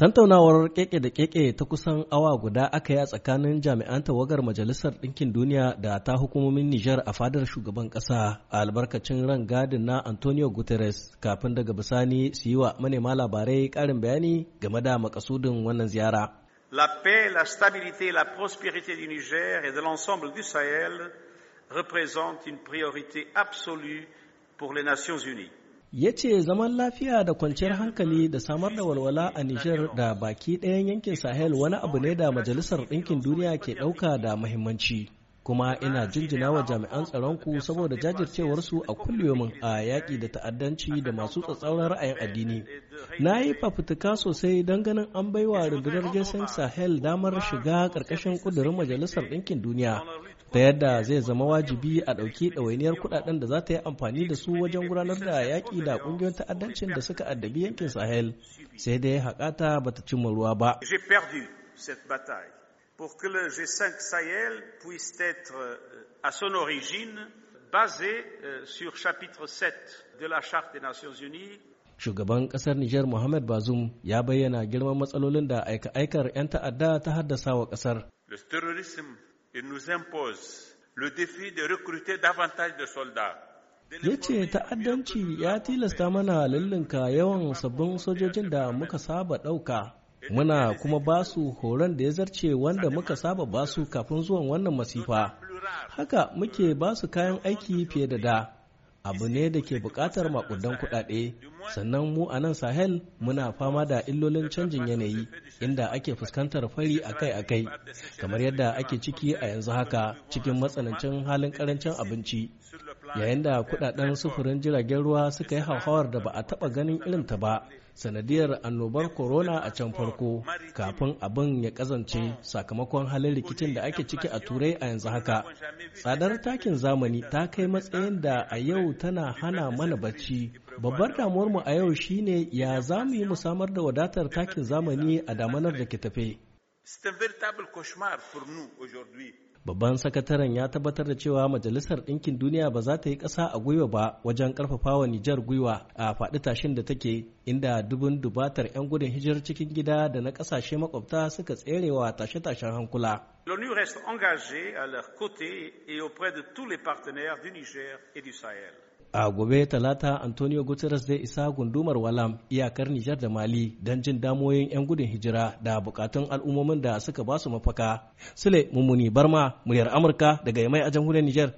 Tantaunawar keke da keke ta kusan awa guda aka yi a tsakanin jami'an tawagar Majalisar Ɗinkin Duniya da ta hukumomin Nijar a fadar shugaban ƙasa a albarkacin ran gadin na Antonio Guterres kafin daga bisani su yi wa manema labarai ƙarin bayani game da makasudin wannan ziyara. La paix, la stabilité, la prospérité du Niger et de l'ensemble du Sahel représentent une priorité absolue pour les Nations Unies. ya ce zaman lafiya da kwanciyar hankali da samar da walwala a Nijar da baki ɗayan yankin Sahel wani abu ne da Majalisar Ɗinkin Duniya ke ɗauka da muhimmanci. kuma ina jinjina wa jami'an tsaronku saboda jajircewarsu a kullum a yaƙi da ta'addanci da masu tsatsauran ra'ayin addini na yi fafutuka sosai don ganin an baiwa rundunar gesen sahel damar shiga ƙarƙashin ƙudurin majalisar ɗinkin duniya ta yadda zai zama wajibi a ɗauki ɗawainiyar kuɗaɗen da za ta yi amfani da su wajen gudanar da yaƙi da ƙungiyoyin ta'addancin da suka addabi yankin sahel sai dai haƙata bata cimma ruwa ba. pour que le G5 Sahel puisse être euh, à son origine basé euh, sur chapitre 7 de la Charte des Nations Unies shugaban kasar Niger Mohamed Bazoum ya bayyana girman matsalolin da aika-aikar 'yan ta'adda ta haddasa wa kasar. Le terrorisme, il nous impose le défi de recruter davantage de soldats. Ya ce ta'addanci ya tilasta mana lullunka yawan sabbin sojojin da muka saba ɗauka muna kuma basu horon da ya zarce wanda muka saba basu kafin zuwan wannan masifa haka muke basu kayan aiki fiye da da abu ne da ke buƙatar makudan kuɗaɗe sannan mu a nan sahel muna fama da illolin canjin yanayi inda ake fuskantar fari akai-akai kamar yadda ake ciki a yanzu haka cikin matsanancin halin ƙarancin abinci yayin da kudaden sufurin jiragen ruwa suka yi hauhawar da ba a taba ganin irin ta ba sanadiyar annobar corona a can farko kafin abin ya kazance sakamakon halin rikicin da ake ciki a turai a yanzu haka tsadar takin zamani ta kai matsayin da a yau tana hana mana bacci babbar damuwarmu a yau shine ya za mu yi mu samar da wadatar takin zamani a damanar da ke tafe. babban sakataren ya tabbatar da cewa majalisar ɗinkin duniya ba za ta yi ƙasa a gwiwa ba wajen ƙarfafa wa nijar gwiwa a faɗi tashin da take inda dubun dubatar 'yan gudun hijirar cikin gida da na ƙasashe makwabta suka tserewa tashe-tashen hankula L'ONU reste engagée à leur côté et auprès de tous les partenaires du Niger et du Sahel. a gobe talata antonio guterres zai isa gundumar walam iyakar nijar da mali don jin damoyin 'yan gudun hijira da bukatun al'ummomin da suka basu mafaka sule mummuni barma muryar amurka daga yamai a jamhuriyar nijar